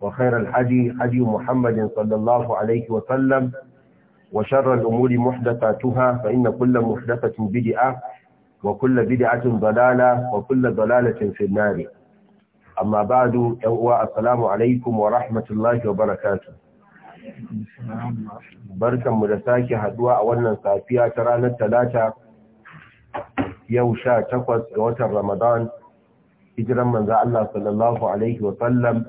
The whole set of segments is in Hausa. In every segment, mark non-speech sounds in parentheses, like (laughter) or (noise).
وخير الحدي حدي محمد صلى الله عليه وسلم وشر الأمور محدثاتها فإن كل محدثة بدعة وكل بدعة ضلالة وكل ضلالة في النار أما بعد يوء السلام عليكم ورحمة الله وبركاته بركة مدساكي هدوء أولا سافية ترانا الثلاثة يوشا تقوى سنوات رمضان hijiran manzo Allah sallallahu alaihi wa sallam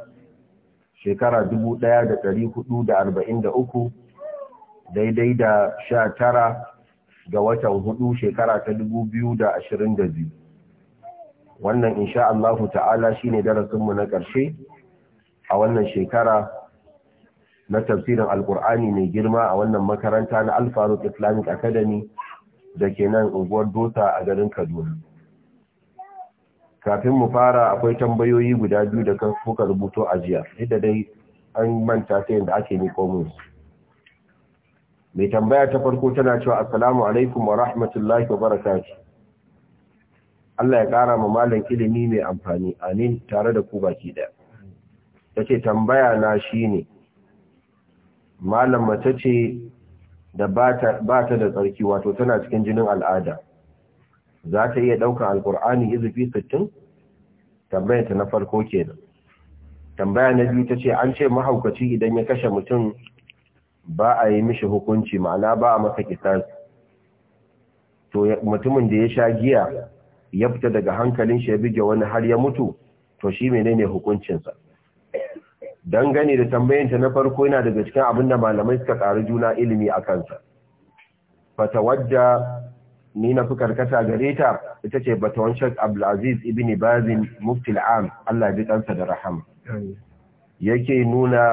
shekara da da da ɗari arba'in uku, daidai da sha tara ga watan hudu shekara ta da da ashirin biyu. wannan insha Allah ta'ala shine darasinmu na ƙarshe a wannan shekara na tafsirin alkur'ani mai girma a wannan makaranta na alfaruk islamic academy da ke nan unguwar dota a garin kaduna kafin mu fara akwai tambayoyi guda biyu da kan kuka rubuto a jiya da dai an manta ta yadda ake miko komo. mai tambaya ta farko tana cewa assalamu alaikum wa rahmatullahi wa barakatuh Allah ya kara ma malam ilimi mai amfani amin tare da ku baki daya tace tambaya na shine malam mace ce da ba ta da tsarki wato tana cikin jinin al'ada za ta iya ɗaukar alkur'ani izufi sittin tambaya ta na farko ke nan. tambaya na biyu ta ce an ce mahaukaci idan ya kashe mutum ba a yi mishi hukunci ma'ana ba a masa kisar to mutumin da ya sha giya ya fita daga hankalin shi ya bige wani har ya mutu to shi menene hukuncinsa dangane da tambayanta na farko yana daga cikin abin da malamai suka ƙari juna ilimi a kansa fatawadda ni na fi karkata gare ta ita ce batawan Sheikh Abdulaziz ibn Bazin Mufti al-Am Allah bi kansa da rahama yake nuna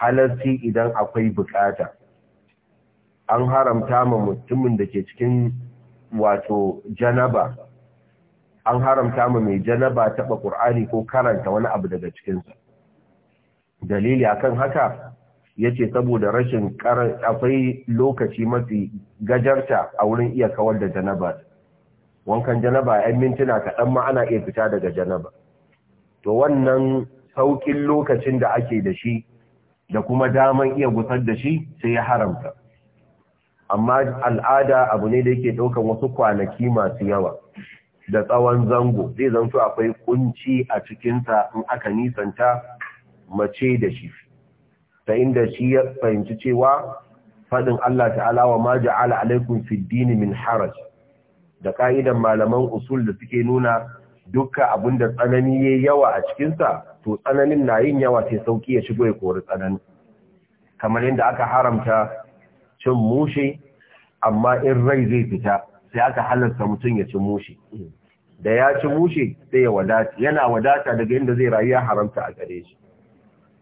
halarci idan akwai bukata an haramta ma mutumin da ke cikin wato janaba an haramta ma mai janaba taba Qur'ani ko karanta wani abu daga cikin sa dalili akan haka ya ce saboda rashin ƙarar akwai lokaci mafi gajarta a wurin iya kawar da janaba wankan janaba yan mintuna kaɗan ma ana iya fita daga janaba to wannan sauƙin lokacin da ake da shi da kuma daman iya gusar da shi sai ya haramta amma al'ada abu ne da yake ɗaukan wasu kwanaki masu yawa da tsawon zango zai zanto akwai kunci a cikinsa in aka nisanta mace da shi ta inda shi ya fahimci cewa faɗin Allah ta'ala wa ma ja'ala alaikum fi dini min haraj da ka'idan malaman usul da suke nuna dukkan da tsanani yayi yawa a cikinsa, to tsananin na yin yawa sai sauki ya shigo ya kori tsanani kamar yadda aka haramta cin mushe amma in rai zai fita sai aka halarta mutum ya ci mushe da ya ci mushe sai ya wadata yana wadata daga inda zai rayu ya haramta a gare shi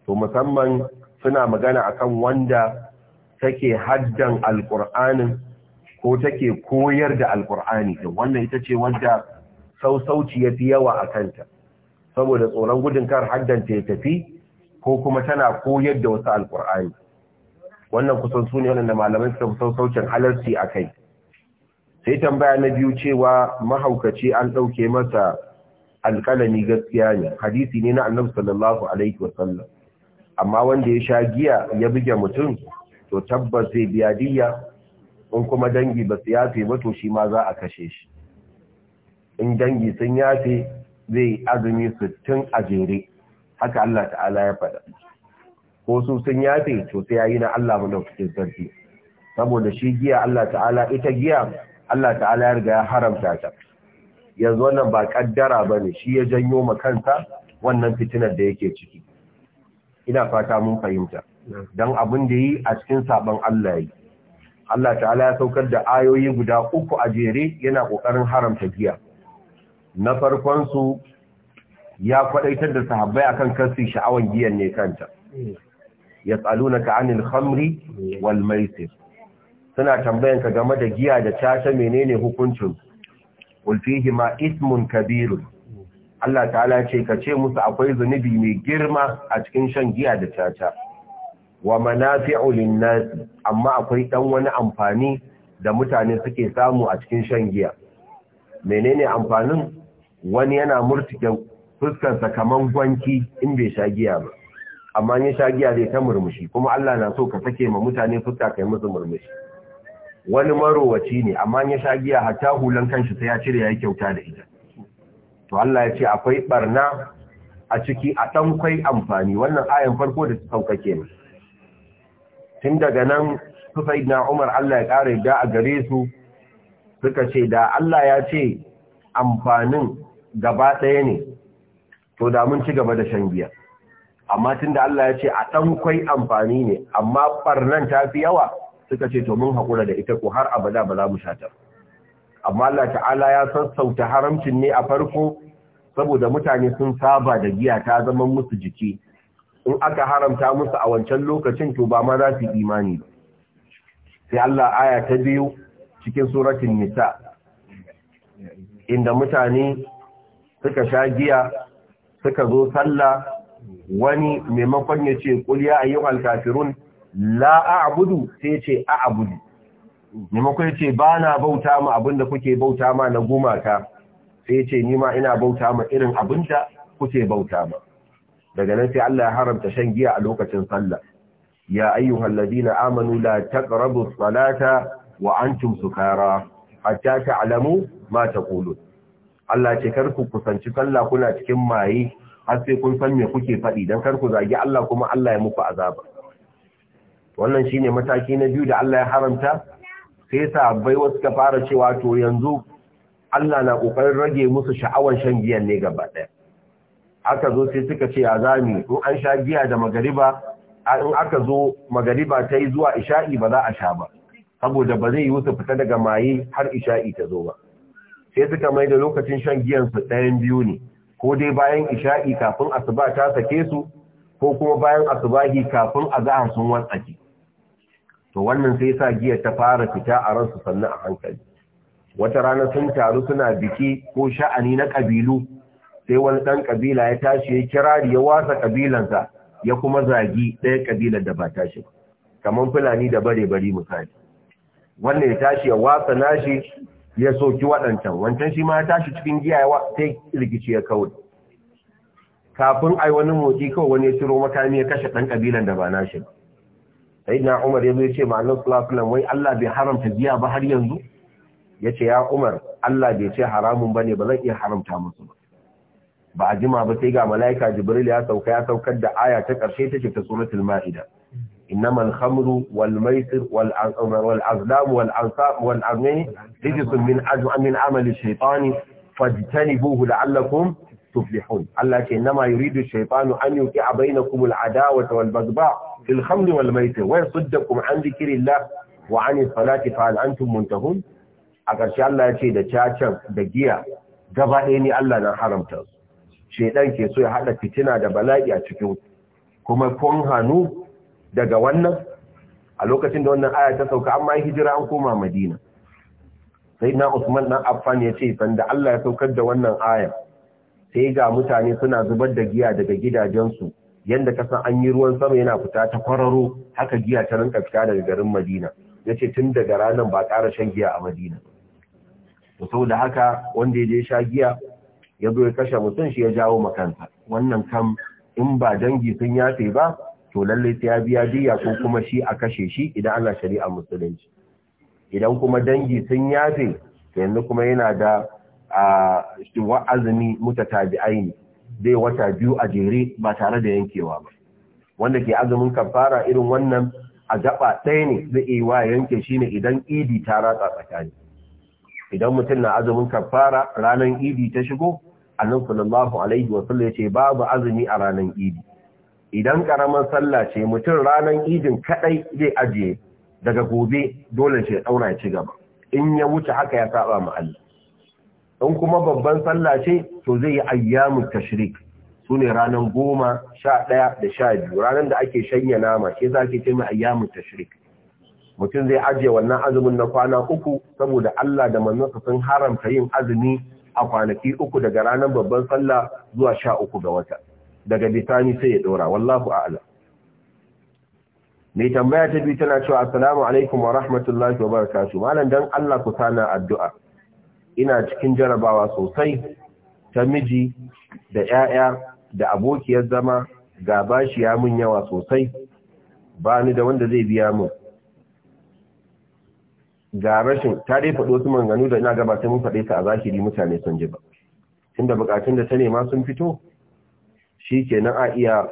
to musamman suna magana akan wanda take haddan alƙur'anin ko take koyar da alƙur'ani din wannan ita ce wanda sausauci ya fi yawa a kanta saboda tsoron gudun kar haddanta ya tafi ko kuma tana koyar da wasu alƙur'ani wannan kusan su ne waɗanda malamai suka sausaucin halarci a kai sai tambaya na biyu cewa mahaukaci an ɗauke masa alƙalami gaskiya ne hadisi ne na annabi sallallahu alaihi wasallam amma wanda ya sha giya ya buge mutum to tabbas zai biya diya in kuma dangi ba su yafe ba to shi ma za a kashe shi in dangi sun yafe zai azumi sittin a jere haka Allah ta'ala ya faɗa ko su sun yafe to sai yayi na Allah madaukakin zarfi saboda shi giya Allah ta'ala ita giya Allah ta'ala ya riga ya haramta ta yanzu wannan ba kaddara bane shi ya janyo ma kansa wannan fitinar da yake ciki ina fata mun fahimta don abin da yi a cikin sabon Allah yi Allah ta'ala ya saukar da ayoyi guda uku a jere yana ƙoƙarin haramta giya na farkon su ya kwadaitar da sahabbai akan kansu sha'awan giyan ne kanta mm. Ya ka 'anil khamri mm. wal maisir suna tambayan ka game da giya da caca menene hukuncin ulfihima ma ismun kabirun Allah ta'ala ce ka ce musu akwai zunubi mai girma a cikin shan giya da caca wa manafi'u lin-nas amma akwai dan wani amfani da mutane suke samu a cikin shan giya menene amfanin wani yana murtike fuskarsa kaman gwanki in bai sha giya ba amma in sha giya zai ta murmushi kuma Allah na so ka sake ma mutane fuska kai musu murmushi wani marowaci ne amma in sha giya hatta hulan kanshi sai ya cire ya kyauta da ita to Allah ya ce akwai barna a ciki a ɗankwai amfani wannan ayan farko da sauka kenan tun daga nan su na Umar Allah ya ƙara da a gare su suka ce da Allah ya ce amfanin gaba ɗaya ne to da mun ci gaba da shan giya amma tun da Allah ya ce a tankwai amfani ne amma barnan ta fi yawa suka ce to mun haƙura da ita ko har abada ba za mu sha ba amma Allah ta'ala ya sassauta haramcin ne a farko saboda mutane sun saba da giya ta zama musu jiki in aka haramta musu a wancan lokacin to ba ma za su imani sai Allah aya ta biyu cikin suratul nisa inda mutane suka sha giya suka zo sallah wani maimakon ya ce kul ya ayyuhal kafirun la a'budu sai ce a'budu maimakon ce ba na bauta ma abinda kuke bauta ma na gumaka sai ya ce ma ina bauta ma irin abinda kuke bauta ma daga nan sai Allah ya haramta shan giya a lokacin sallah ya ayyuhal ladina amanu la taqrabu salata wa antum sukara hatta ta'lamu ma taqulun Allah ce kar ku kusanci sallah kuna cikin maye har sai kun san me kuke faɗi dan kar ku zagi Allah kuma Allah ya muku azaba wannan shine mataki na biyu da Allah ya haramta sai sahabbai wasu ka fara cewa to yanzu Allah na kokarin rage musu sha'awar shan giyan ne gaba ɗaya aka zo sai suka ce ya zami in an sha giya da magariba in aka zo magariba ta yi zuwa isha'i ba za a sha ba saboda ba zai yi su fita daga maye har isha'i ta zo ba sai suka mai da lokacin shan giyan su ɗayan biyu ne ko dai bayan isha'i kafin asuba ta sake su ko kuma bayan asubahi kafin a a sun ake to wannan sai sa giya ta fara fita a ransu sannu a hankali wata rana sun taru suna biki ko sha'ani na kabilu sai wani dan kabila ya tashi ya kirari ya wasa kabilansa ya kuma zagi ɗaya kabilar da ba tashi kamar fulani da bare bari misali wannan ya tashi ya wasa nashi ya soki waɗancan wancan shi ma ya tashi cikin giya ya sai rikici ya kawo kafin ai wani motsi kawai wani ya ciro makami ya kashe ɗan kabilan da ba nashi ba sai na umar ya zo ya ce ma'anin annabi wai Allah bai haramta jiya ba har yanzu ya ce ya umar Allah bai ce haramun bane ba zan iya haramta musu ba ba a jima ba sai ga mala'ika jibril ya sauka ya saukar da aya ta karshe ta ce ta suratul ma'ida innamal khamru wal maisir wal wal azlam wal ansab wal amin rijsun min ajmin amali shaytani fajtanibuhu la'allakum tuflihun Allah ce inma yuridu shaytanu an yuqi'a bainakum al adawata wal baghdha fil khamri wal maisir wa yasuddakum an dhikrillah wa an salati fa hal antum muntahun a ƙarshe Allah ya ce da cacan da giya gaba ɗaya ne Allah na haramta su shedan ke so ya haɗa fitina da bala'i a cikin kuma kun hanu daga wannan a lokacin da wannan aya ta sauka amma hijira an koma Madina sai na Usman dan Affan ya ce sanda Allah ya saukar da wannan aya sai ga mutane suna zubar da giya daga gidajensu yanda san an yi ruwan sama yana fita ta kwararo haka giya ta rinka fita daga garin Madina yace tun daga ranar ba ƙara shan giya a Madina to saboda haka wanda ya je sha giya ya zo ya kashe mutum shi ya jawo makanta wannan kam in ba dangi sun yafe ba to lallai sai ya biya diya ko kuma shi a kashe shi idan ana shari'a musulunci idan kuma dangi sun yafe to yanzu kuma yana da a wa'azumi mutatabi'ai ne zai wata biyu a jere ba tare da yankewa ba wanda ke azumin kafara irin wannan a gaba ɗaya ne zai iya wa yanke shi ne idan idi ta ratsa tsakani idan mutum na azumin kafara ranar idi ta shigo annan sallallahu alaihi wa sallam yace babu azumi a ranar idi idan karamar sallah ce mutum ranar idin kadai zai ajiye daga gobe dole ya daura ya ci gaba in ya wuce haka ya saɓa ma Allah in kuma babban sallah ce to zai yi ayyamu tashrik su ne ranar goma sha ɗaya da sha biyu ranar da ake shanya nama ke za ke ce mai ayyamu tashrik mutum zai ajiye wannan azumin na kwana uku saboda Allah da manzansa sun haramta yin azumi a kwanaki uku daga ranar babban sallah zuwa sha uku ga wata daga bisani sai ya ɗora wallahu a'ala mai tambaya ta biyu tana cewa assalamu alaikum wa rahmatullahi wa barakatuh malam dan Allah ku sana addu'a ina cikin jarabawa sosai ta miji da 'ya'ya da abokiyar zama ga bashi ya mun yawa sosai ba ni da wanda zai biya mun ga rashin ta dai faɗo su manganu da ina gabata mun faɗe ta a zahiri mutane sun ji ba tunda bukatun da ta nema sun fito shi ke nan a iya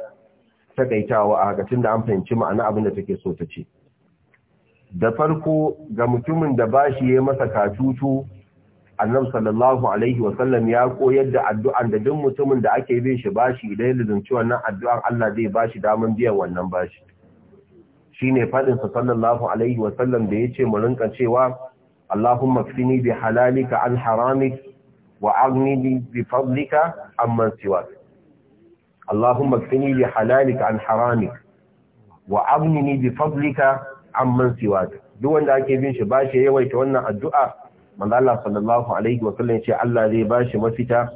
takaitawa a hakatun da an fahimci ma'ana abin da take so ta ce da farko ga mutumin da bashi ya yi masa katutu annabi sallallahu alaihi wasallam ya koyar da addu'an da duk mutumin da ake bin shi bashi idan ya lizunci wannan addu'an Allah zai bashi daman biyan wannan bashi Shi ne sa sallallahu alaihi wasallam da yace mu rinka cewa Allahumma kfini bi halalika an haramik wa agni bi fadlika amman siwak Allahumma kfini bi halalika an haramik wa aghnini bi fadlika amman siwak duk wanda ake bin shi bashi yawaita wannan addu'a manzo sallallahu alaihi wa sallam ce Allah zai bashi mafita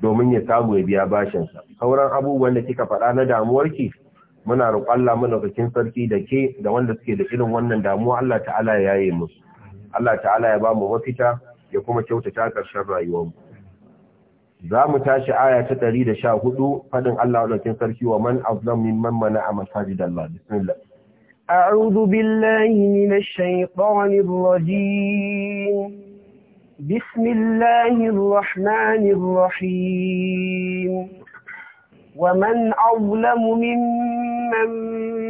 domin ya samu ya biya bashin sa sauran abubuwan da kika faɗa na damuwarki muna roƙon Allah mu daukakin sarki da ke da wanda suke da irin wannan damuwa Allah ta'ala ya yaye musu Allah ta'ala ya ba mu mafita ya kuma kyautata ƙarshen rayuwar mu za mu tashi aya ta 114 fadin Allah daukakin sarki wa man azlam mimman mana'a masajidallah bismillah أعوذ بالله من الشيطان الرجيم بسم الله الرحمن الرحيم ومن أظلم ممن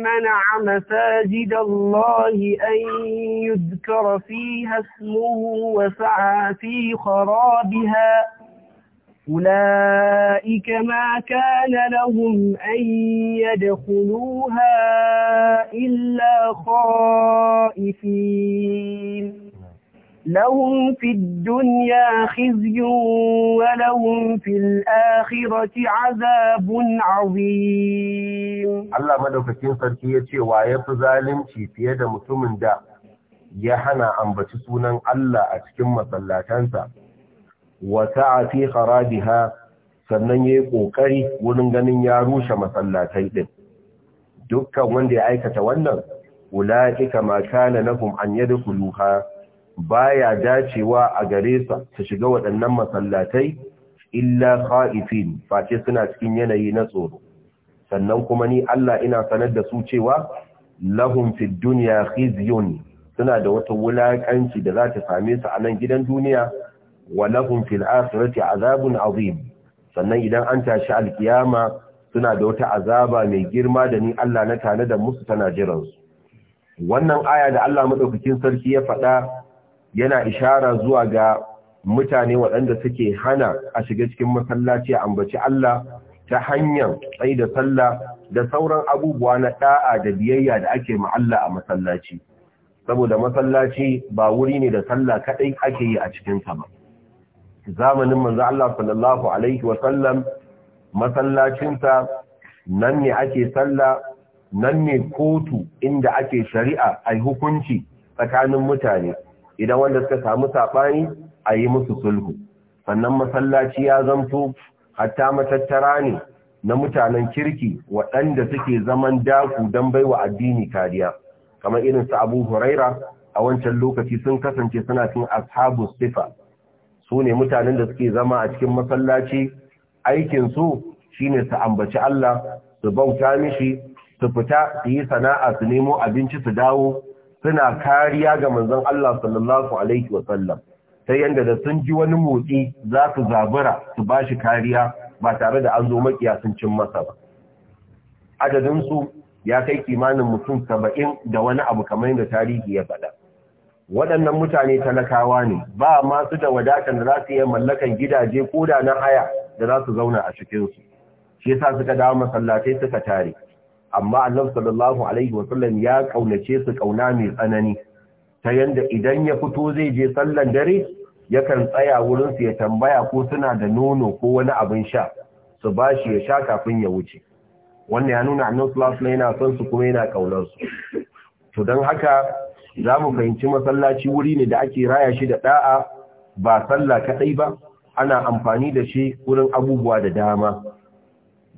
منع مساجد الله أن يذكر فيها اسمه وسعى في خرابها أولئك ما كان لهم أن يدخلوها إلا خائفين لهم في الدنيا خزي ولهم في الآخرة عذاب عظيم الله مدوكتين sarki yace wa yafi zalunci fiye da mutumin da ya hana ambaci sunan Allah a cikin masallatansa wa sa'a fi kharabiha sannan yayi ƙoƙari, wurin ganin ya rushe masallatai ɗin. dukkan wanda ya aikata wannan ulaika ma kana lahum an yadkhuluha baya dacewa a gare sa su shiga waɗannan masallatai illa kha'ifin face suna cikin yanayi na tsoro sannan kuma ni Allah ina sanar da su cewa lahum fid dunya khizyun suna da wata wulakanci da za ta same su a nan gidan duniya wa lahum fil akhirati azabun azim sannan idan an tashi alkiyama suna da wata azaba mai girma da ni Allah na tare da musu tana jiran su wannan aya da Allah madaukakin sarki ya faɗa yana ishara zuwa ga mutane waɗanda suke hana a shiga cikin masallaci a ambaci Allah ta hanyar tsaye da sallah da sauran abubuwa na ɗa'a da biyayya da ake ma a masallaci saboda masallaci ba wuri ne da sallah kaɗai ake yi a cikinsa ba zamanin manzo Allah sallallahu alaihi wa masallacinsa nan ne ake sallah nan ne kotu inda ake shari'a ai hukunci tsakanin mutane idan wanda suka samu saɓani a yi musu sulhu sannan masallaci ya zamto hatta matattara ne na mutanen kirki waɗanda suke zaman daku don baiwa addini kariya kamar irin su abu huraira a wancan lokaci sun kasance suna cin ashabu sifa su ne mutanen da suke zama a cikin masallaci aikinsu shine su ambaci Allah su bauta mishi su fita su yi sana'a su nemo abinci su dawo suna kariya ga manzon Allah sallallahu alaihi wasallam ta yanda da sun ji wani motsi za su zabura su ba shi kariya ba tare da an zo makiya sun cin masa ba su ya kai kimanin mutum saba'in da wani abu kamar yadda tarihi ya faɗa waɗannan mutane talakawa ne ba ma su da wadatar da za su iya mallakan gidaje ko da na haya da za su zauna a cikinsu shi yasa suka dawo masallatai suka tare amma annabi sallallahu alaihi wasallam ya kaunace su kauna mai tsanani ta yanda idan ya fito zai je sallan dare yakan tsaya wurin su ya tambaya ko suna da nono ko wani abin sha su bashi ya sha kafin ya wuce wannan ya nuna annabi sallallahu alaihi yana son su kuma yana kaunar su to dan haka za mu fahimci masallaci wuri ne da ake raya shi da da'a ba sallah kadai ba ana amfani da shi wurin abubuwa da dama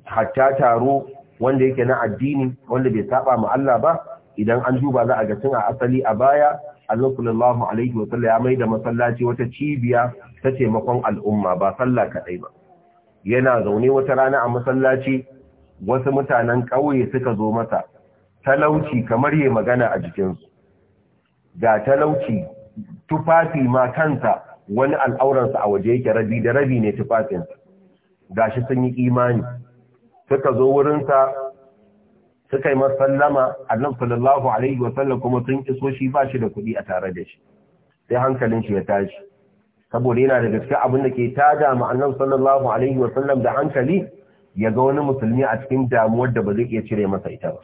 hatta taro wanda yake na addini wanda bai saba ma Allah ba idan an duba za a ga tun a asali a baya Allah sallallahu alaihi wa sallam ya mai da masallaci wata cibiya ta taimakon al'umma ba sallah kadai ba yana zaune wata rana a masallaci wasu mutanen ƙauye suka zo masa talauci kamar ya magana a jikinsu ga talauci tufafi ma kansa wani al'auransa a waje yake rabi da rabi ne tufafinsa gashi sun yi imani suka zo wurinsa suka yi masallama annan sallallahu alaihi sallam, kuma sun iso shi ba shi da kuɗi a tare da shi sai hankalin shi ya tashi saboda yana da gaske abin da ke tada ma annan sallallahu alaihi sallam da hankali ya ga wani musulmi a cikin damuwar da ba zai iya cire masa ita ba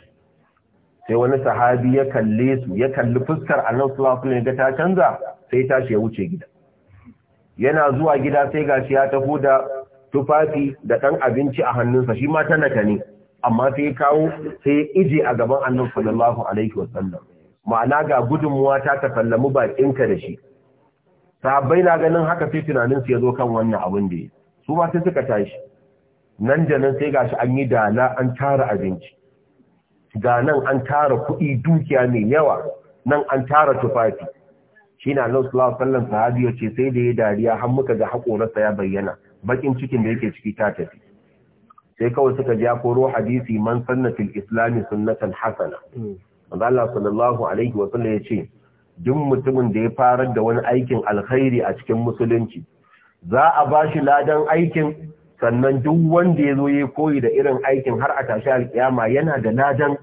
sai wani sahabi ya kalle su ya kalli fuskar annan sallallahu alaihi ga ta canza sai tashi ya wuce gida yana zuwa gida sai gashi ya taho da tufafi da ɗan abinci a hannunsa shi ma ta ne amma sai ya kawo sai ya ije a gaban annan sallallahu alaihi wasallam ma'ana ga gudunmuwa ta tafallamu bakinka da shi sahabbai na ganin haka sai tunanin su ya zo kan wannan abin da ya su ma sai suka tashi nan da nan sai gashi an yi dala an tara abinci ga nan an tara kuɗi dukiya mai yawa nan an tara tufafi shi na Allah sallallahu alaihi sahabi ya ce sai da ya dariya har muka ga haƙorarsa ya bayyana bakin cikin da yake ciki ta tafi sai kawai suka ja koro hadisi man sannatil islami sunnatan hasana hmm. manzo Allah sallallahu alaihi wa sallam yace duk mutumin da ya fara da wani aikin alkhairi a cikin musulunci za a bashi ladan aikin sannan duk wanda ya zo ya koyi da irin aikin har a tashi alkiyama yana da ladan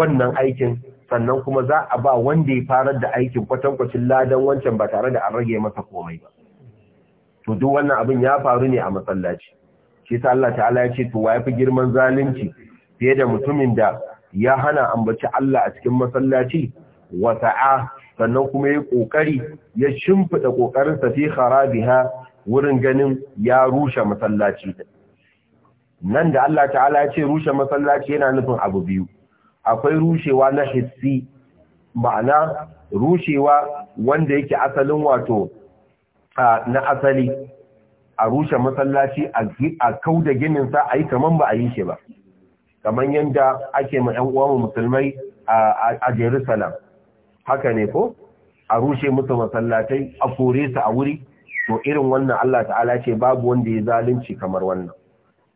wannan aikin sannan kuma za a ba wanda ya fara da aikin kwatankwacin ladan wancan ba tare da an rage masa komai ba to duk wannan abin ya faru ne a masallaci shi ta Allah ta'ala ya ce to wa yafi girman zalunci fiye da mutumin da ya hana ambaci Allah a cikin masallaci wa sa'a sannan kuma ya kokari ya shimfida kokarin sa fi kharabiha wurin ganin ya rushe masallaci nan da Allah ta'ala ya ce rushe masallaci yana nufin abu biyu akwai rushewa na hissi ma'ana rushewa wanda yake asalin wato na asali a rushe masallaci a kau da ginin sa a yi kaman ba a yi shi ba kaman yadda ake ma 'yan uwa musulmai a jerusalem haka ne ko a rushe musu masallatai a kore su a wuri to irin wannan Allah ta'ala ce babu wanda ya zalunci kamar wannan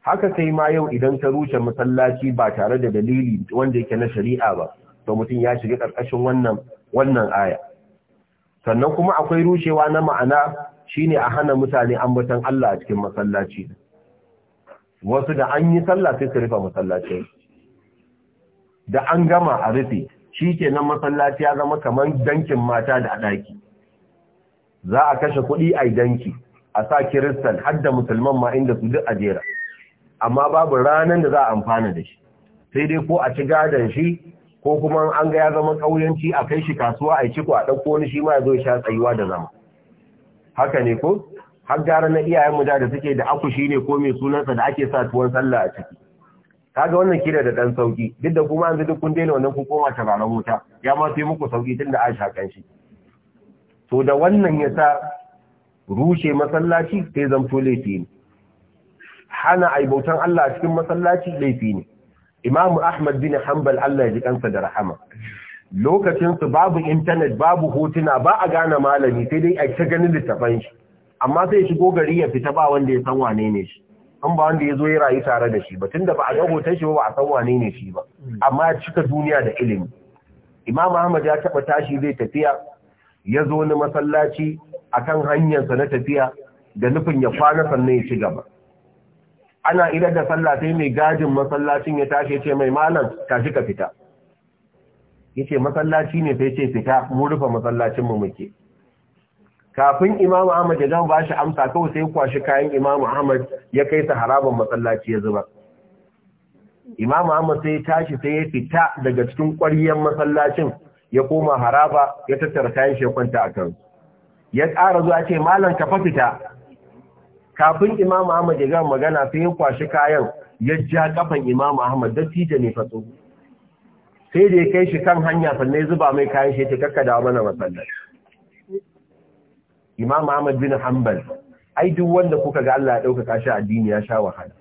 haka sai ma yau idan ka rushe masallaci ba tare da dalili wanda yake na shari'a ba to mutum ya shiga ƙarƙashin wannan wannan aya sannan kuma akwai rushewa na ma'ana shine a hana mutane ambaton Allah a cikin masallaci wasu da an yi sallah sai su rufe masallaci da an gama a rufe shikenan masallaci ya zama kaman dankin mata da adaki za a kashe kuɗi a danki a sa kiristan har da musulman ma inda su duk a jera amma babu ranar da za a amfana da shi sai dai ko a ci gadon shi ko kuma an ga ya zama ƙauyanci a kai shi kasuwa a ciko a ɗauko wani shi ma ya zo sha tsayuwa da zama haka ne ko har gara na iyayenmu da da suke da aku shi ne ko mai sunansa da ake sa tuwon sallah a ciki kaga wannan kira da ɗan sauki duk da kuma yanzu duk kun daina wannan ku koma tabaran wuta ya ma fi muku sauki da an kan shi to da wannan ya sa rushe masallaci sai zamto laifi ne hana aibautan Allah a cikin masallaci laifi ne Imam Ahmad bin Hanbal Allah ya ji kansa da rahama lokacin su babu internet babu hotuna ba a gane malami sai dai a gani ganin littafan shi amma sai shigo gari ya fita ba wanda ya san wane ne shi an ba wanda ya zo ya rayu tare da shi ba tunda ba a ga hoton shi ba a san wane ne shi ba hmm. amma ya cika duniya da ilimi Imam Ahmad ya taba tashi zai tafiya ya zo ni masallaci akan hanyarsa na tafiya da nufin ya kwana sannan ya ci gaba ana idar da sallah sai mai gajin masallacin ya tashi ce mai malam tashi ka fita yace masallaci ne sai ce fita mu rufe masallacin mu muke kafin imamu ahmad ya gama bashi amsa kawai sai kwashi kayan imamu ahmad ya kai sa harabar masallaci ya zuba imamu ahmad sai ya tashi sai ya fita daga cikin ƙwaryen masallacin ya koma haraba ya tattara kayan shekwanta ya a kan ya ƙara zuwa ce malam ka fa fita kafin Imam Ahmad ya ga magana sai ya kwashi kayan ya ja kafan Imam Ahmad da tije ne fatso sai da ya kai shi kan hanya sannan ya zuba mai kayan shi ta da mana masallaci Imam Ahmad bin Hanbal ai duk wanda kuka ga Allah ya dauka kashi addini ya sha wahala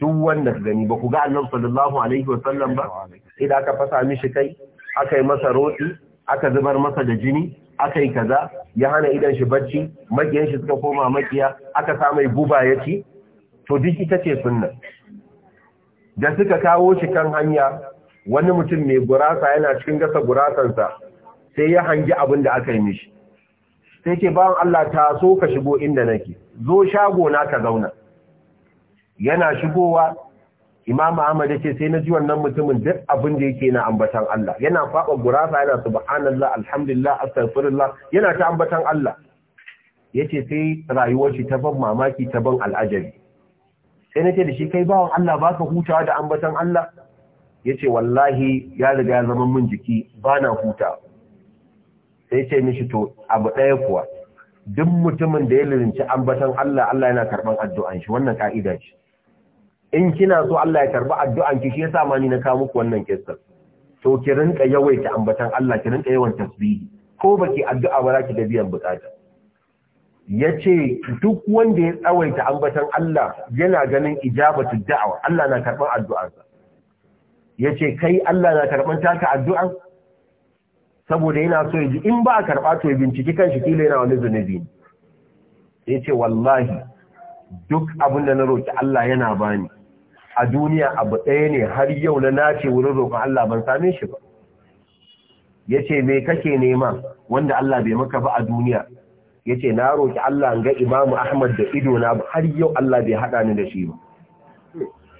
duk wanda ka gani ba ku ga Annabi sallallahu alaihi wasallam ba sai da aka fasa mishi kai aka yi masa roti aka zubar masa da jini aka yi kaza ya hana idan shi bacci makiyan shi suka koma makiya aka sa mai guba ya ci to duk ita ce sunna da suka kawo shi kan hanya wani mutum mai gurasa yana cikin gasa gurasansa sai ya hangi abin da aka yi mishi sai ce bayan Allah ta so ka shigo inda nake zo shago na ka zauna yana shigowa Imam Ahmad yace sai na ji wannan mutumin duk abin da yake na ambatan Allah yana faɗa gurasa yana subhanallah alhamdulillah astaghfirullah yana ta ambatan Allah yace sai rayuwar shi ta ban mamaki ta ban al'ajabi sai nace da shi kai bawon Allah baka hutawa da ambatan Allah yace wallahi ya riga ya zama min jiki Ba na huta sai ce mishi to abu ɗaya kuwa duk mutumin da ya lalince ambatan Allah Allah yana karban addu'an shi wannan ka'ida ce in kina so Allah ya karba addu'an ki shi yasa ma ni na kawo muku wannan kissa to ki rinka yawaita ambatan Allah ki rinka yawan tasbihi ko baki addu'a ba za ki da biyan bukata yace duk wanda ya tsawaita ambatan Allah yana ganin ijabatu da'awa Allah na karban addu'arsa yace kai Allah na karban taka addu'a saboda yana so yaji in ba karba to ya binciki kanshi kila yana wani zunubi yace wallahi duk abin na roki Allah yana bani a duniya abu ɗaya ne har yau na nace wurin roƙon Allah ban same shi ba yace me kake nema wanda Allah bai maka ba a duniya yace na roƙi Allah ga Imam Ahmad da ido na har yau Allah bai haɗa ni da shi ba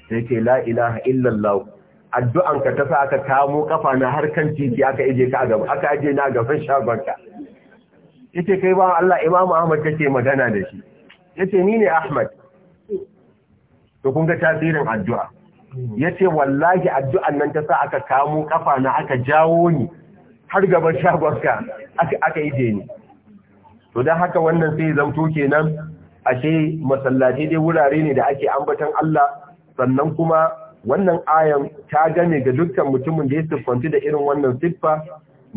sai ce la ilaha illallah addu'anka ta sa aka kamo kafa na har kan titi aka ije ka gaba aka aje na gaban yace kai ba Allah Imam Ahmad kake magana da shi yace ni ne Ahmad to kun ga tasirin addu'a yace wallahi addu'an nan ta sa aka kamo kafa na aka jawo ni har gaban shagwarka aka aka ije ni to dan haka wannan sai zamto kenan ashe masallaci dai wurare ne da ake ambaton Allah sannan kuma wannan ayan ta game ga dukkan mutumin da ya siffanci da irin wannan siffa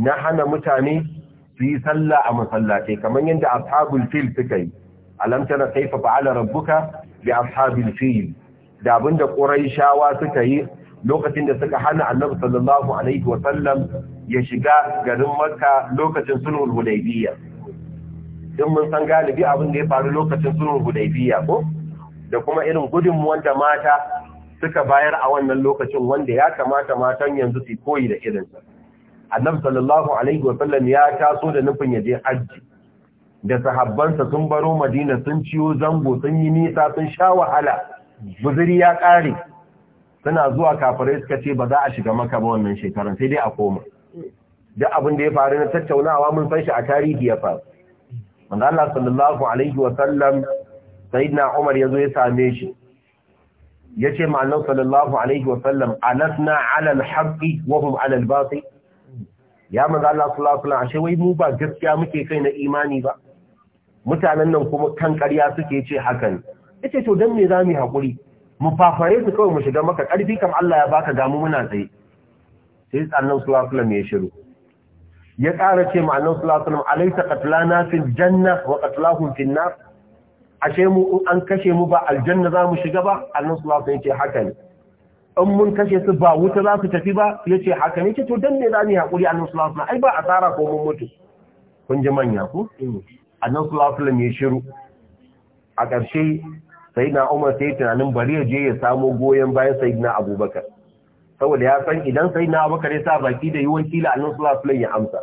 na hana mutane su yi sallah a masallatai kamar yadda ashabul fil suka yi alam tara kaifa fa'ala rabbuka bi ashabil fil da abin da ƙuraishawa suka yi lokacin da suka hana annabi sallallahu alaihi wa sallam ya shiga garin makka lokacin sulhul hudaybiyya din mun san galibi abin da ya faru lokacin sulhul hudaybiyya ko da kuma irin gudun wanda mata suka bayar a wannan lokacin wanda ya kamata matan yanzu su koyi da irin sa annabi sallallahu alaihi wa sallam ya taso da nufin ya je hajji da sahabbansa sun baro madina sun ciyo zango sun yi nisa sun sha wahala Buziri ya ƙare suna zuwa kafirai suka ce ba za a shiga maka ba wannan shekaran sai dai a koma duk abin da ya faru na tattaunawa mun san shi a tarihi ya faru wanda Allah sallallahu alaihi wa sallam sayyidina Umar yazo ya same shi yace ma ma'anar sallallahu alaihi wa sallam alasna ala alal haqqi wa hum ala al ya manzo Allah sallallahu alaihi wa sallam ashe wai mu ba gaskiya muke kai na imani ba mutanen nan kuma kan ƙarya suke ce hakan yace to dan me zamu hakuri mu fafare su kawai mu shiga maka karfi kam Allah ya baka gamu muna tsaye sai annabi sallallahu alaihi wasallam ya shiru ya ƙara ce ma annabi sallallahu alaihi wasallam alaysa qatlana fil janna wa qatlahum fil nar ashe mu in an kashe mu ba aljanna zamu shiga ba annabi sallallahu alaihi wasallam ya ce haka ne in mun kashe su ba wuta za su tafi ba ya ce haka ne ce to don me za mu haƙuri annan sulafulan ai ba a tsara ko mun mutu kun ji manya ku annan sulafulan ya shiru a ƙarshe Sai na Umar sai tunanin bari ya je ya samo goyon bayan na Abubakar saboda ya san idan na Abubakar ya sa baki da yiwon kila a nan alaihi ya amsa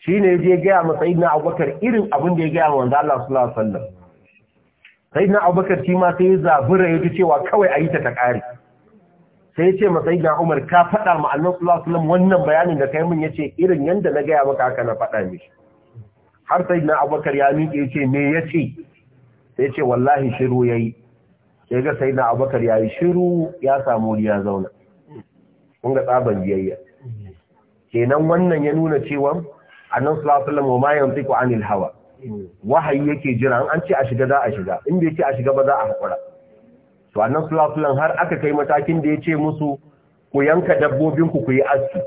shi ya je gaya ma na Abubakar irin abin da ya gaya wanda Allah sallallahu sallar. sai na Abubakar shi ma sai ya zabura ya ta cewa kawai ayi ta ta kare sai ya ce ma na Umar ka faɗa ma annan sallallahu wannan bayanin da kai min ce irin yadda na gaya maka haka na faɗa mishi har na Abubakar ya miƙe ya ce me yace Ya ce wallahi shiru yayi sai ga sayyidina Abubakar yayi shiru ya samu riya zauna kun tsaban biyayya kenan wannan ya nuna cewa annabi sallallahu alaihi wasallam ma ku anil hawa wahayi yake jira an ce a shiga za a shiga in bai a shiga ba za a hakura to annabi sallallahu alaihi har aka kai matakin da ya ce musu ku yanka dabbobinku ku yi aski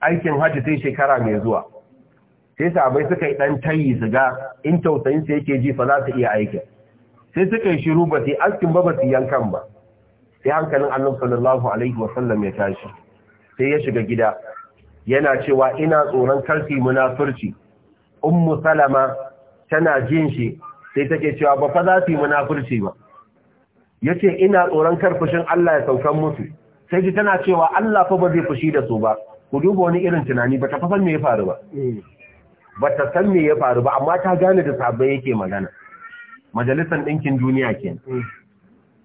aikin hajji sai shekara mai zuwa sai sabai suka yi dan tayi su ga in tausayin sa yake ji fa za su iya aikin sai suka yi shiru ba sai askin ba ba su yankan ba sai hankalin annabi sallallahu alaihi wasallam ya tashi sai ya shiga gida yana cewa ina tsoron karfi munafurci ummu salama tana jin shi sai take cewa ba fa za su yi munafurci ba yace ina tsoron karfushin Allah ya saukan musu sai ji tana cewa Allah fa ba zai fushi da su ba ku duba wani irin tunani ba ta fasan me ya faru ba mm. ba ta san me ya faru ba amma ta gane da sabai yake magana majalisar ɗinkin duniya ke mm.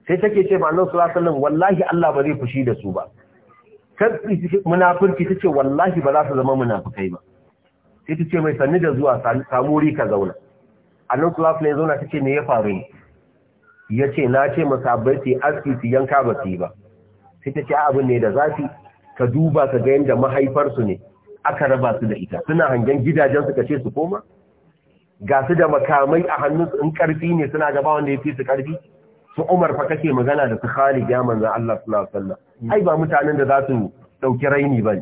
sai take ce ma annabi sallallahu alaihi wallahi Allah ba zai fushi da su ba kan munafurci tace wallahi ba za su zama munafukai ba sai tace mai sanni da zuwa samuri ka zauna annabi sallallahu alaihi zauna tace me ya faru ne yace na ce musabbai su aski su yanka ba su ba sai tace abin ne da zafi ka duba ka ga yanda mahaifarsu ne aka raba su da ita suna hangen gidajen suka ce su koma ga su da makamai a hannunsu in karfi ne suna gaba wanda ya fi su karfi su umar fa kake magana da su khalid ya manzan Allah sallallahu alaihi wasallam ai ba mutanen da za su dauki raini ba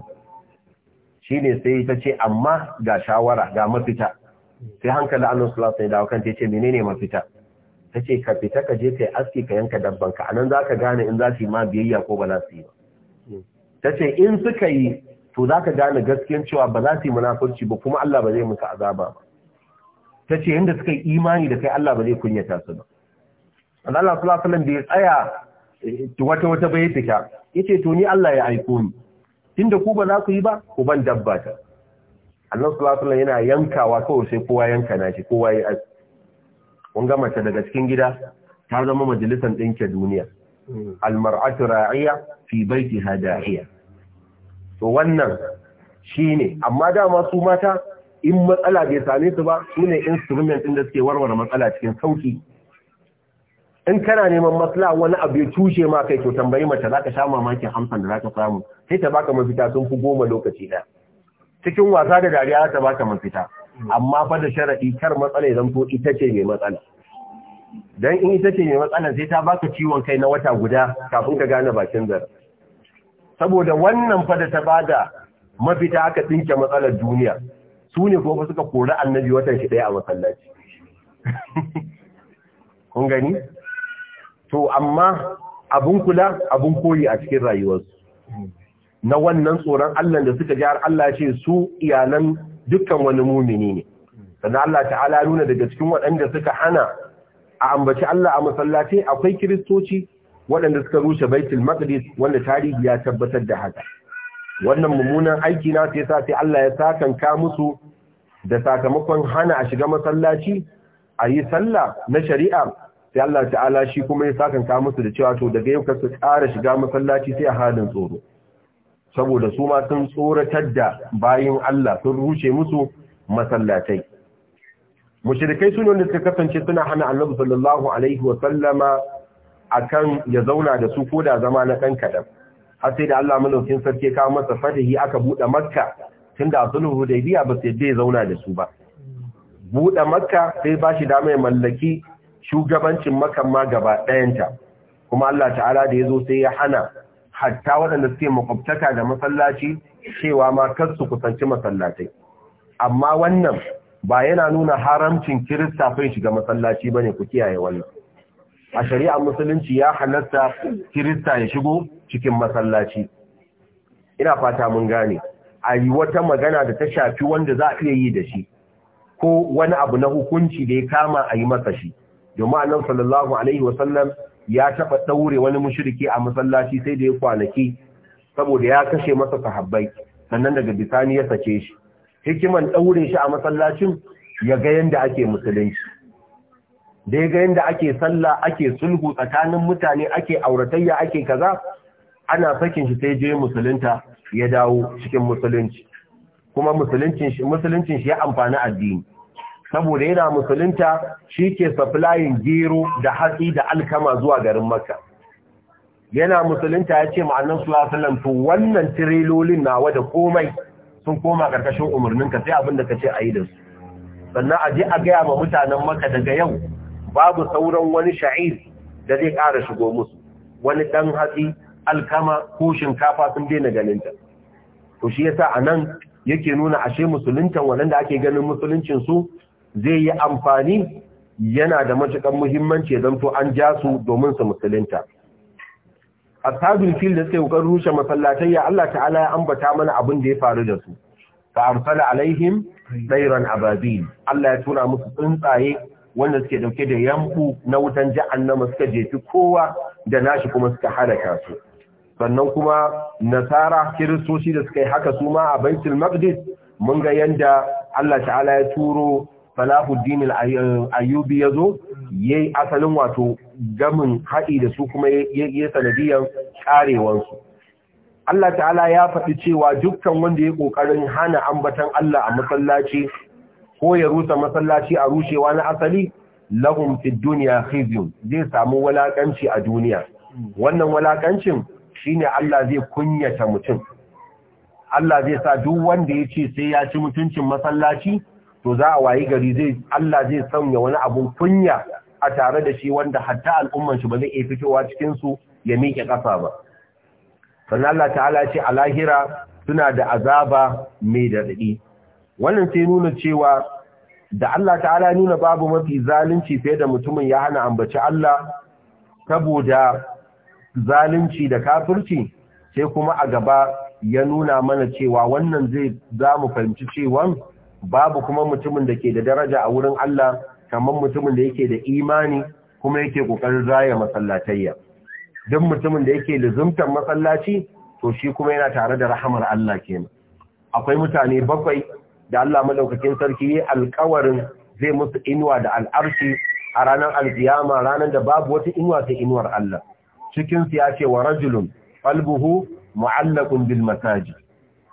shine sai ta ce amma ga shawara ga mafita sai hankali Allah sallallahu alaihi wasallam kan ta ce menene mafita ta ce ka fita ka je kai aski ka yanka dabban ka anan zaka gane in za su yi ma biyayya ko ba za su yi ba ta ce in suka yi to za ka gane gaskiyan cewa ba za su yi munafurci ba kuma Allah ba zai musu azaba ba ta ce yadda suka yi imani da kai Allah ba zai kunyata su ba Allah sallallahu da ya tsaya eh, wata wata bai fita yace to ni Allah ya aiko ni tunda ku ba za ku yi ba ku ban dabba ta Allah sallallahu yana yankawa kawai sai kowa yanka na shi kowa ya kun ga mace daga cikin gida ta zama majalisan ɗinke duniya hmm. Almar'atu Ra'ayya ra'iya fi baitiha da'iya to wannan shi ne, amma dama su mata in matsala bai same su ba su ne instrument ɗin da suke warware matsala cikin sauki in kana neman matsala wani abu ya tushe ma kai to tambayi mace za ka sha mamakin hamsan da za ka samu sai ta baka mafita sun fi goma lokaci ɗaya cikin wasa da dariya ta baka mafita amma fa da sharaɗi kar matsala ya zanto ita ce mai matsala dan in ita ce mai matsala sai ta baka ciwon kai na wata guda kafin ka gane bakin zara saboda wannan fa da ta bada mafita aka dinke matsalar duniya su ne kuma suka kori annabi watan shi daya a masallaci (laughs) kun gani to amma abun kula abun koyi a cikin rayuwarsu na wannan tsoron Allah da suka jihar Allah ce su iyalan dukkan wani mumini ne sannan Allah ta'ala nuna daga cikin waɗanda suka hana a ambaci Allah a masallaci akwai kiristoci waɗanda suka rushe baitul maqdis wanda tarihi ya tabbatar da haka wannan mummunan aiki na sai sa sai Allah ya sakanka musu da sakamakon hana a shiga masallaci a yi sallah na shari'a sai Allah ta'ala shi kuma ya sakanka musu da cewa to daga yau kasu ƙara shiga masallaci sai a halin tsoro saboda su ma sun tsoratar da bayin Allah sun rushe musu masallatai mushrikai sun wanda suka kasance suna hana Annabi sallallahu alaihi wa akan ya zauna da su ko da zama na ɗan kaɗan har sai da Allah malaukin sarki ya kawo masa fadahi aka buɗe makka tunda a sulhu hudaybiya ba sai ya zauna da su ba buɗe makka sai ba shi dama ya mallaki shugabancin makan ma gaba ɗayanta kuma Allah ta'ala da ya zo sai ya hana hatta waɗanda suke makwabtaka da masallaci cewa ma kar su kusanci masallatai amma wannan ba yana nuna haramcin kirista fai shiga masallaci bane ku kiyaye wannan a shari'ar musulunci ya halatta kirista ya shigo cikin masallaci ina fata mun gane a yi wata magana da ta shafi wanda za a yi da shi ko wani abu na hukunci da ya kama a yi masa shi domin annabi sallallahu alaihi wasallam ya taba daure wani mushriki a masallaci sai da ya kwanaki saboda ya kashe masa sahabbai sannan daga bisani ya sace shi hikiman daure shi a masallacin ya ga yanda ake musulunci da ya ga yadda ake sallah ake sulhu tsakanin mutane ake auratayya ake kaza ana sakin shi sai je musulunta ya dawo cikin musulunci kuma musuluncin shi musuluncin shi ya amfani addini saboda yana musulunta shi ke supplying gero da hatsi da alkama zuwa garin makka yana musulunta ya ce ma'annan sallallahu alaihi to wannan tirelolin nawa da komai sun koma karkashin ka sai abin da kace ayi da su sannan a je a gaya ma mutanen Makka daga yau babu sauran wani sha'ir da zai ƙara shigo musu wani ɗan hatsi alkama ko shinkafa sun daina ganinta to shi yasa a nan yake nuna ashe musuluntan waɗanda ake ganin musuluncin su zai yi amfani yana da matuƙar muhimmanci don to an ja su domin su musulunta ashabul fil da yi ukan rushe masallatai ya Allah ta'ala ya ambata mana abin da ya faru da su fa arsala alaihim dairan ababil Allah ya tura musu tsuntsaye wanda suke dauke da yanku na wutan jahannama suka jefi kowa da nashi kuma suka halaka su sannan kuma nasara kiristoci da suka yi haka su ma a baitul maqdis mun ga yanda Allah ta'ala ya turo Salahuddin al-Ayyubi yazo yayi asalin wato gamin haɗi da su kuma ya sanadiyan ƙarewansu. Allah ta'ala ya faɗi cewa dukkan wanda ya ƙoƙarin hana ambatan Allah a masallaci ko ya rusa masallaci a rushewa na asali lahum fi dunya khizyun zai samu walakanci a duniya wannan walakancin shine Allah zai kunyata mutum Allah zai sa duk wanda yace sai ya ci mutuncin masallaci to za a wayi gari zai Allah zai sanya wani abun kunya a tare da shi wanda hatta al'umman shi ba zai iya fitowa cikin su ya miƙe ƙasa ba sannan Allah ta'ala ce a lahira suna da azaba mai daɗi wannan sai nuna cewa da Allah ta'ala nuna babu mafi zalunci fiye da mutumin ya hana ambaci Allah saboda zalunci da kafirci sai kuma a gaba ya nuna mana cewa wannan zai za mu fahimci cewa babu kuma mutumin da ke da daraja a wurin Allah kamar mutumin da yake da imani kuma yake kokarin raya masallatayya duk mutumin da yake luzumtar masallaci to shi kuma yana tare da rahamar Allah kenan akwai mutane bakwai da Allah madaukakin sarki ya alkawarin zai musu inuwa da al'arshi a ranar alziyama ranar da babu wata inuwa ta inuwar Allah cikin su ya ce wa rajulun falbuhu mu'allakun bil masaji.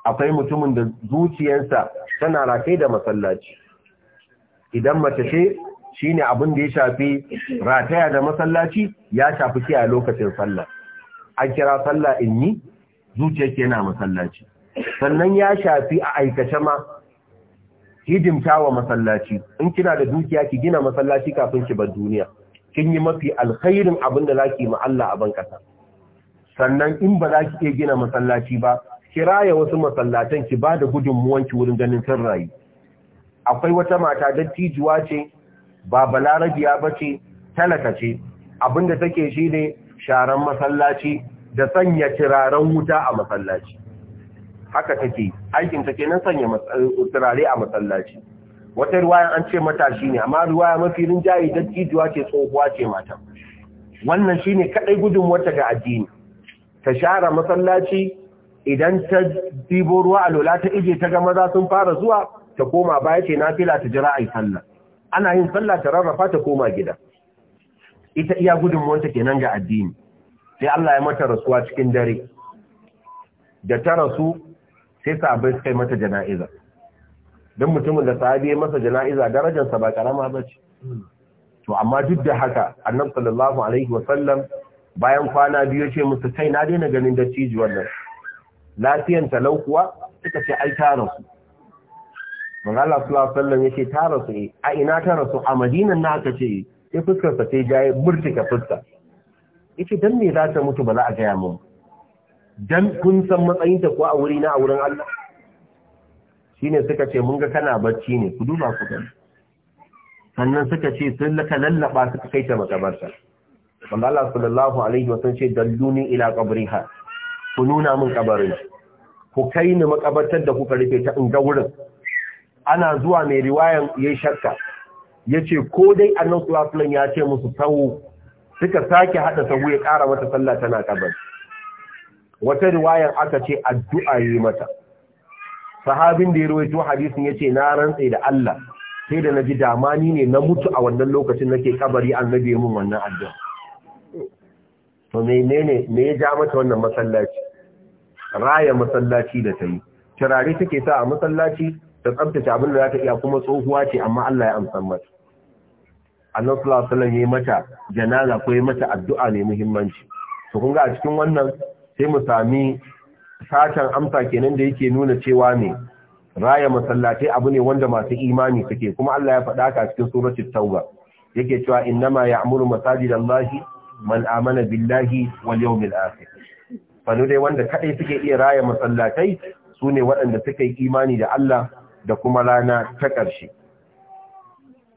akwai mutumin da zuciyarsa tana rataye da masallaci idan mace ce shine abin da ya shafi rataya da masallaci ya shafi kiyaye lokacin sallah an kira sallah inni zuciyar ke masallaci sannan ya shafi a aikace ma hidimta wa masallaci in kina da dukiya ki gina masallaci kafin ki bar duniya kin yi mafi alkhairin abin da zaki ma Allah a ban kasa sannan in ba za ki iya gina masallaci ba ki raya wasu masallatan ki ba da gudunmuwanki wurin ganin sun rayu akwai wata mata dattijuwa ce ba balarabiya ba ce talaka ce da take shi ne sharan masallaci da sanya turaren wuta a masallaci haka take aikin take nan sanya eh, turare a masallaci wata ruwa an ce matashi ne amma ruwaya mafi rinjaye dattijuwa ce tsohuwa ce mata wannan shine kaɗai gudun wata ga addini ta share masallaci idan ta dibo ruwa a lola ta ije ta ga maza sun fara zuwa ta koma baya ce nafila ta jira ai sallah ana yin sallah ta rarrafa ta koma gida ita iya ke kenan ga addini sai Allah ya mata rasuwa cikin dare da ta rasu sai sahabbai suka kai mata jana'iza don mutumin da sahabi masa jana'iza darajarsa ba karama ba ce to amma duk da haka annabi sallallahu alaihi wasallam bayan kwana biyu ce musu kai na daina ganin dattijuwar nan lafiyan talau kuwa suka ce ai ta rasu manzo Allah sallallahu alaihi wasallam yace ta rasu eh. a ina ta rasu a Madinan na aka ce eh. sai fuskar sa sai jaye murtika fuska yace dan me za ta mutu ba za a gaya mun dan kun san matsayinta ko a wuri na a wurin Allah shine suka ce mun ga kana bacci ne ku duba ku gani sannan suka ce sun laka lallaba suka kai ta makabarta wanda Allah sallallahu alaihi wasallam ce dalluni ila qabriha ku nuna min kabarin ku kai ni makabartar da kuka rufe ta in ga wurin ana zuwa mai riwayan yayin shakka yace ko dai annabi sallallahu alaihi wasallam ya ce musu tawo suka sake hada sahu ya kara mata sallah tana kabari wata riwayar aka ce addu'a yi mata sahabin da ya rawaito hadisin yace na rantse da Allah sai da naji damani ne na mutu a wannan lokacin nake kabari annabi mun wannan addu'a to menene me ya ja mata wannan masallaci raya masallaci da tayi turare take sa a masallaci ta tsabtace abin da zaka iya kuma tsohuwa ce amma Allah ya amsa mata annabi sallallahu alaihi wasallam yayi mata janaza ko yayi mata addu'a ne muhimmanci to kun ga a cikin wannan sai mu sami sashen amsa kenan da yake nuna cewa ne raya masallatai abu ne wanda masu imani suke kuma Allah ya faɗa ka cikin suratul tauba yake cewa innama ya'muru masajidallahi man amana billahi wal yawmil akhir fanu dai wanda kadai suke iya raya masallatai sune waɗanda suka yi imani da Allah da kuma rana ta ƙarshe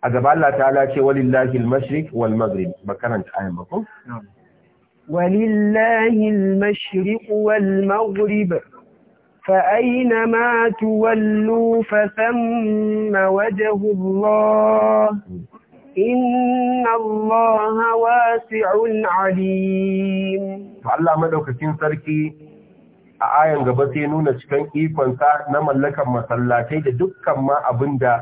a gaba Allah ta ce walillahi al-mashriq wal maghrib makaranta karanta ولله المشرق والمغرب فأينما تولوا فثم وجه الله إن الله واسع عليم Allah madaukakin sarki a ayan gaba sai nuna cikin ikonsa na mallakan masallatai da dukkan ma abin da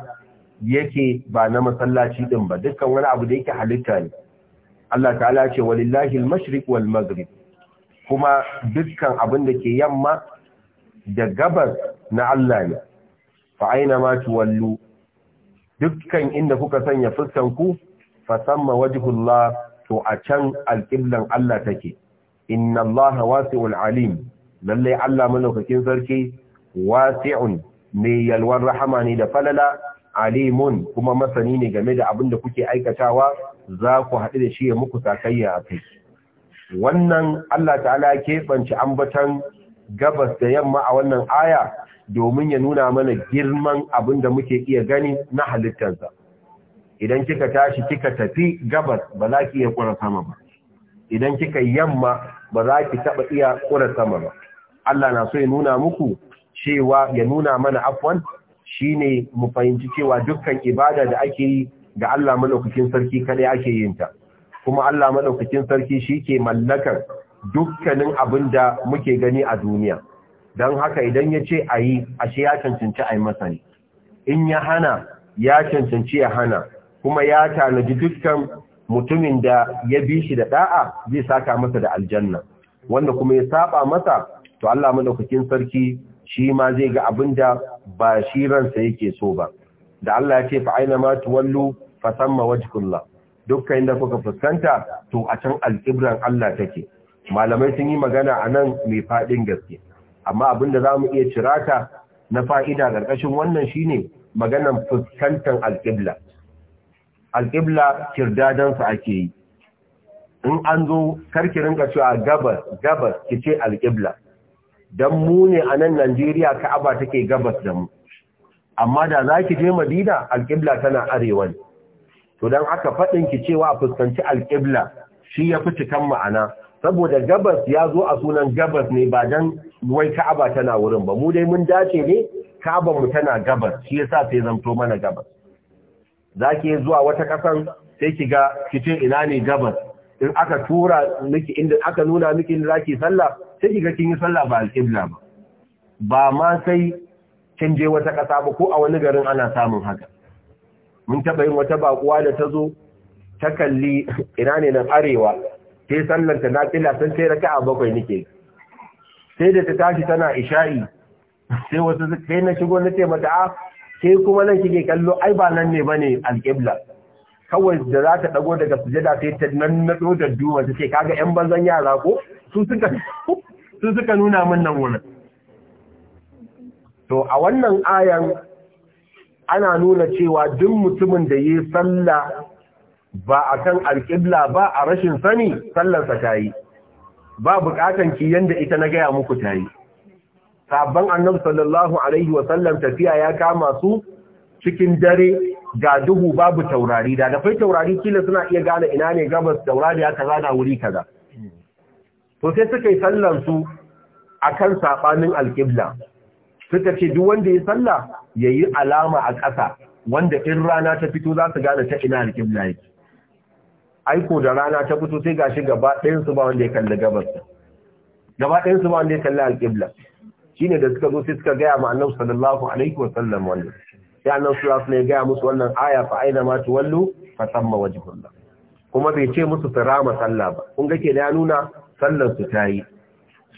yake ba na masallaci din ba dukkan wani abu da yake halitta ne Allah ta'ala ce walillahi al-mashriq wal maghrib kuma dukkan abin da ke yamma da gabas na Allah ne fa aina ma tuwallu dukkan inda kuka sanya fuskan ku fa samma wajhullah to a can alqiblan Allah take inna Allah wasi'ul alim lalle Allah malaukakin sarki wasi'un mai yalwar rahama ne da falala alimun kuma masani ne game da abin da kuke aikatawa za ku haɗu da shi ya muku sakayya a kai wannan Allah ta'ala ya keɓance ambatan gabas da yamma a wannan aya domin ya nuna mana girman abin da muke iya gani na halittarsa idan kika tashi kika tafi gabas ba za ki iya ƙura sama ba idan kika yamma ba za ki taɓa iya ƙura sama ba Allah na so ya nuna muku cewa ya nuna mana afwan shine mu fahimci cewa dukkan ibada da ake yi ga Allah madaukakin sarki kadai ake yin ta kuma Allah madaukakin sarki shi ke mallakar dukkanin abin da muke gani a duniya dan haka idan ya ce a yi ashe ya cancanci a yi masa ne in ya hana ya cancanci ya hana kuma ya tanaji dukkan mutumin da ya bi shi da da'a zai saka masa da aljanna wanda kuma ya saba masa to Allah madaukakin sarki shi ma zai ga abin da ba shi ransa yake so ba da Allah ya ce fa aina ma tuwallu fa samma wajhullah dukkan inda kuka fuskanta to a can al-ibran Allah take malamai sun yi magana anan mai fadin gaske amma abin da zamu iya cirata na fa'ida garkashin wannan shine maganan fuskantar qibla kirdadan sa ake yi in an zo karki rinka cewa gabas gabas ki ce qibla dan mu ne a nan Najeriya ka'aba take gabas da mu amma da za ki je madina alƙibla tana arewa ne to don aka faɗin ki cewa a fuskanci alƙibla shi ya fi cikan ma'ana saboda gabas ya zo a sunan gabas ne ba don wai ka'aba tana wurin ba mu dai mun dace ne ka'aba mu tana gabas shi sa sai zamto mana gabas za ki zuwa wata ƙasan sai ki ga kice ina ne gabas in aka tura miki inda aka nuna miki inda za ki sallah sai ki ga kin yi sallah ba alƙibla ba ba ma sai kin je wata ƙasa ba ko a wani garin ana samun haka mun taba yin wata bakuwa da ta zo ta kalli ina ne nan arewa Sai sallar ta na kila san sai raka'a bakwai nake sai da ta tashi tana isha'i sai wasu sai na shigo na ce mata a ah, sai kuma nan kike kallo ai ba nan ne bane alqibla kawai da za ta dago daga sujada sai ta nan na da duwa ta kaga yan banzan yara ko su suka (laughs) su suka nuna min nan wurin to a wannan ayan ana nuna cewa duk mutumin da yi sallah ba a kan alƙibla ba a rashin sani sallarsa ta yi ba buƙatan ki yanda ita na gaya muku ta yi sabon annabi sallallahu alaihi wasallam tafiya ya kama su cikin dare ga duhu babu taurari da da taurari kila suna iya gane ina ne gabas taurari ya kaza da wuri kaza to sai suka yi sallan su akan saɓanin alƙibla suka ce duk wanda ya salla ya yi alama a ƙasa wanda in rana ta fito za su gane ta ina da alƙibla yake aiko da rana ta fito sai gashi gaba ɗayan su ba wanda ya kalli gabas gaba ɗayan su ba wanda ya kalli alƙibla shine da suka zo sai suka gaya ma annabi sallallahu alaihi wasallam wannan sai annabi sallallahu alaihi wasallam ya gaya musu wannan aya fa aina ma tuwallu fa samma wajhullah kuma bai ce musu su rama sallah ba kun ga ke da ya nuna sallar su ta yi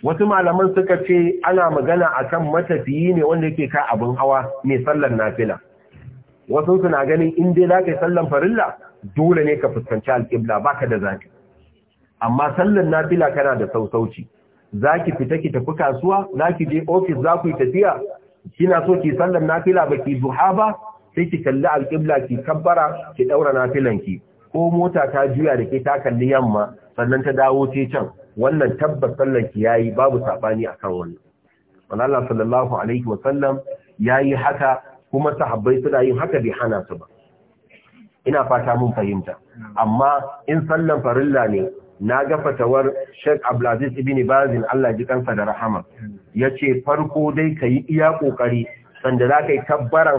wasu malaman suka ce ana magana a kan matafiyi ne wanda yake ka abin hawa mai sallar nafila wasu suna ganin in dai za ka yi sallar farilla dole ne ka fuskanci alƙibla ba ka da zaki amma sallar nafila kana da sausauci za ki fita ki tafi kasuwa za ki je ofis za ku yi tafiya kina so ki sallar nafila ba ki duha ba sai ki kalli alƙibla ki kabbara ki ɗaura nafilanki ko mota ta juya da ke ta kalli yamma sannan ta dawo ce can wannan tabbas sallar ki yayi babu sabani akan wannan wannan Allah sallallahu alaihi wa sallam yayi haka kuma sahabbai suna yin haka bai hana su ba ina fata mun fahimta amma in sallan farilla ne na ga fatawar Sheikh Abdulaziz ibn Bazin Allah ji kansa da rahama yace farko dai kai iya kokari sanda za ka yi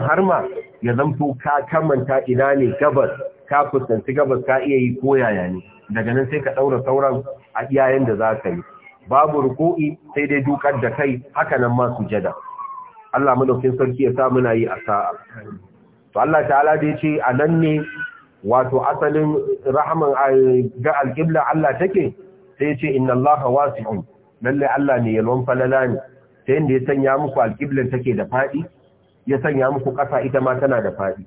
harma ya zanto ka kamanta ina ne gabas ka fuskanci gabas ka iya yi koyaya ne daga nan sai ka ɗaura sauran a iyayen da za ka yi babu ruku'i sai dai dukar da kai haka nan ma jada. Allah madaukin sarki ya sa muna yi a sa'a to Allah ta'ala dai ce a nan ne wato asalin rahman ga alƙibla Allah take sai ya ce inna Allah wasi'un lalle Allah ne yalwan falala ne sai inda ya sanya muku alƙiblan take da faɗi ya sanya muku ƙasa ita ma tana da faɗi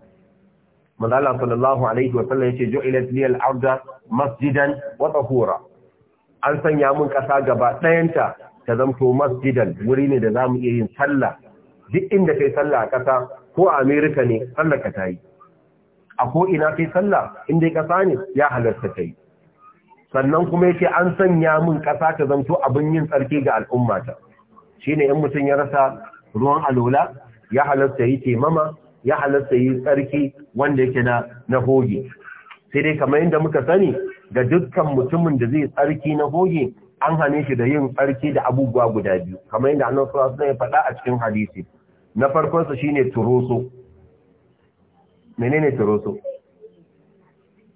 manzo Allah sallallahu alaihi wa sallam yace ju'ilat liyal arda masjidan wa tahura an sanya mun ƙasa gaba ɗayanta ta zamto masjidan wuri ne da za mu iya yin sallah duk inda kai sallah a ƙasa ko a amerika ne sallah ka ta yi a ko'ina kai sallah inda ƙasa ne ya halarta ta yi sannan kuma yake an sanya mun ƙasa ta zamto abin yin tsarki ga al'ummata shi ne in mutum ya rasa ruwan alola ya halarta yi temama ya halarta yi tsarki wanda yake na hoge sai dai kamar yadda muka sani ga dukkan mutumin da zai tsarki na goge an hane shi da yin tsarki da abubuwa guda biyu kamar yadda annabi sallallahu alaihi wasallam ya faɗa a cikin hadisi na farkon sa shine turoso. menene turoso?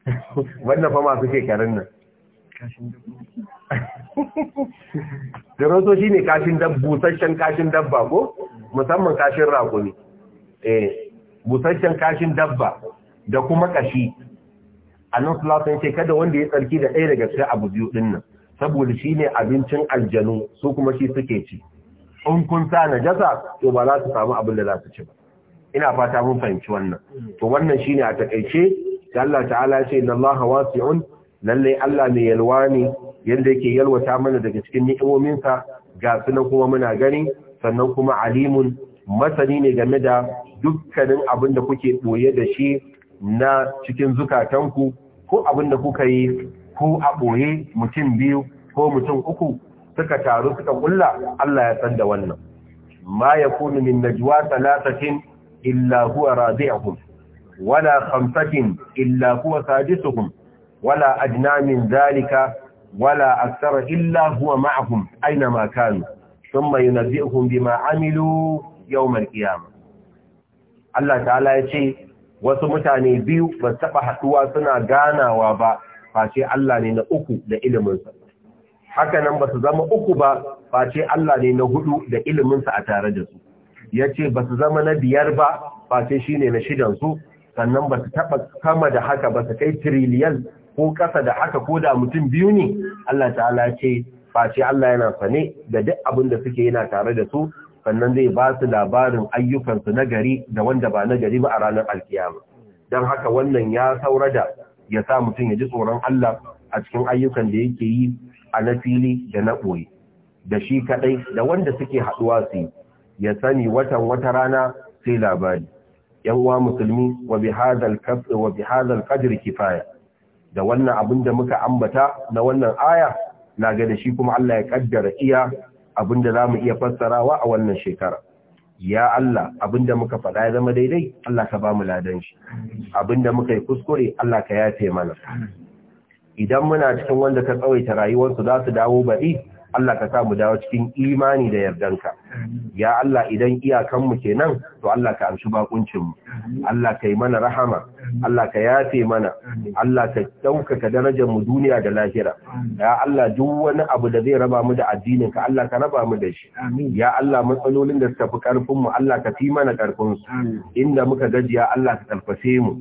(laughs) wannan fa suke karin nan (laughs) Turoso shine kashin dabba busasshen kashin dabba ko musamman kashin raƙumi eh busasshen kashin dabba da kuma kashi annan sulatan ce kada wanda ya tsarki da ɗaya daga cikin abu biyu ɗin nan saboda shi ne abincin aljanu su kuma shi suke ci in kun sa jasa, to ba za su samu abin da za su ci ba ina fata mun fahimci wannan to wannan shi ne a takaice. da Allah ta'ala ya ce inna Allah wasi'un lalle Allah mai yalwa ne yanda yake yalwata mana daga cikin ni'imomin sa ga nan kuma muna gani sannan kuma alimun masani ne game da dukkanin abin da kuke boye da shi na cikin zukatanku ko abin da kuka yi ko a ɓoye mutum biyu ko mutum uku suka taru suka ƙulla Allah ya san da wannan ma ya yakunu min najuwa thalathatin illa huwa rabi'uhum wala khamsatin illa huwa sadisuhum wala adna min zalika wala akthara illa huwa ma'ahum aina ma kanu thumma yunabbi'uhum bima 'amilu yawm al-qiyamah Allah ta'ala ya ce wasu mutane biyu ba taɓa haɗuwa suna ganawa ba face Allah ne na uku da iliminsa haka nan ba su zama uku ba face Allah ne na hudu da iliminsa a tare da su ya ce ba su zama na biyar ba face shi ne na shidansu sannan ba su taɓa kama da haka ba su kai tiriliyan ko ƙasa da haka ko da mutum biyu ne Allah ta'ala ce face Allah yana sane da duk abin da suke yana tare da su sannan zai ba su labarin ayyukansu na gari da wanda ba na gari ba a ranar alkiyama don haka wannan ya saura da ya sa mutum ya ji tsoron Allah a cikin ayyukan da yake yi a na fili da na ɓoye da shi kaɗai da wanda suke haɗuwa su yi ya sani watan wata rana sai labari yan uwa musulmi wa bi hadhal qadri kifaya da wannan abin da muka ambata na wannan aya na ga da shi kuma Allah ya kaddara iya abinda za mu iya fassarawa a wannan shekara ya Allah abinda muka faɗa ya zama daidai Allah ka ba mu ladan shi abinda muka yi kuskure Allah ka yafe mana idan muna cikin wanda ka tsawaita rayuwarsu za su dawo baɗi Allah ka sa mu dawo cikin imani da yardanka ya Allah idan iyakan mu kenan to Allah ka amshi bakuncin Allah ka kai mana rahama Allah ka yafe mana Allah ka daukaka darajar mu duniya da lahira ya Allah duk wani abu da zai raba mu da addinin ka Allah ka raba mu da shi ya Allah matsalolin da suka fi karfin mu Allah ka fi mana karfin su inda muka gajiya Allah ka tarfase mu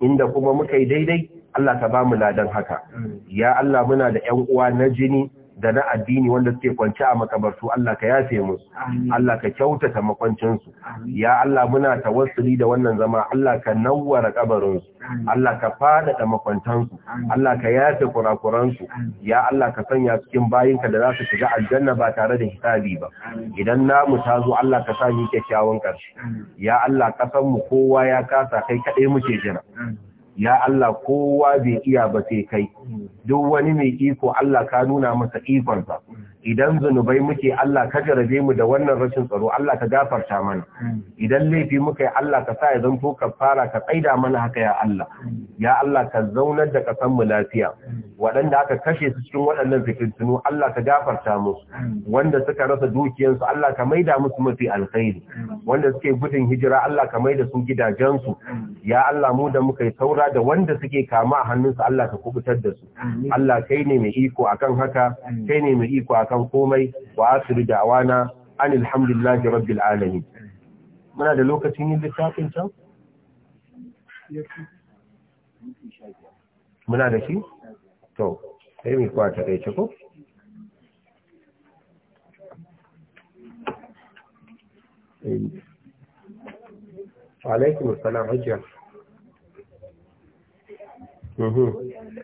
inda kuma muka yi daidai Allah ka ba mu ladan haka ya Allah muna da ƴan uwa na jini da na addini wanda suke kwance a makabartu Allah ka yafe musu Allah ka kyautata makwancinsu ya Allah muna tawassuli da wannan zama Allah ka nawwara kabarinsu Allah ka faɗaɗa makwantansu Allah ka yafe kurakuransu ya Allah ka sanya cikin bayinka da za su shiga aljanna ba tare da hisabi ba idan namu ta zo Allah ka sa ni kyakkyawan ƙarshe ya Allah kasan mu kowa ya kasa kai kadai muke jira ya Allah kowa bai iya ba sai kai duk wani mai iko Allah ka nuna masa ikonsa idan zunubai muke Allah ka jarabe mu da wannan rashin tsaro Allah ka gafarta mana idan laifi muka yi Allah ka sa ya zanto ka fara ka tsaida mana haka ya Allah ya Allah ka zaunar da kasan mu lafiya waɗanda aka kashe su cikin waɗannan fitintunu Allah ka gafarta musu wanda suka rasa dukiyansu Allah ka maida musu mafi alkhairi wanda suke gudun hijira Allah ka maida su gidajensu ya Allah mu da muka yi saura da wanda suke kama a hannunsu Allah ka kubutar da su Allah kai ne mai iko akan haka kai ne mai iko akan akan komai wa asiru da'wana alhamdulillahi rabbil alamin muna da lokacin yin littafin can muna da shi to sai mu kwata kai ko alaikum assalam hajjia mhm.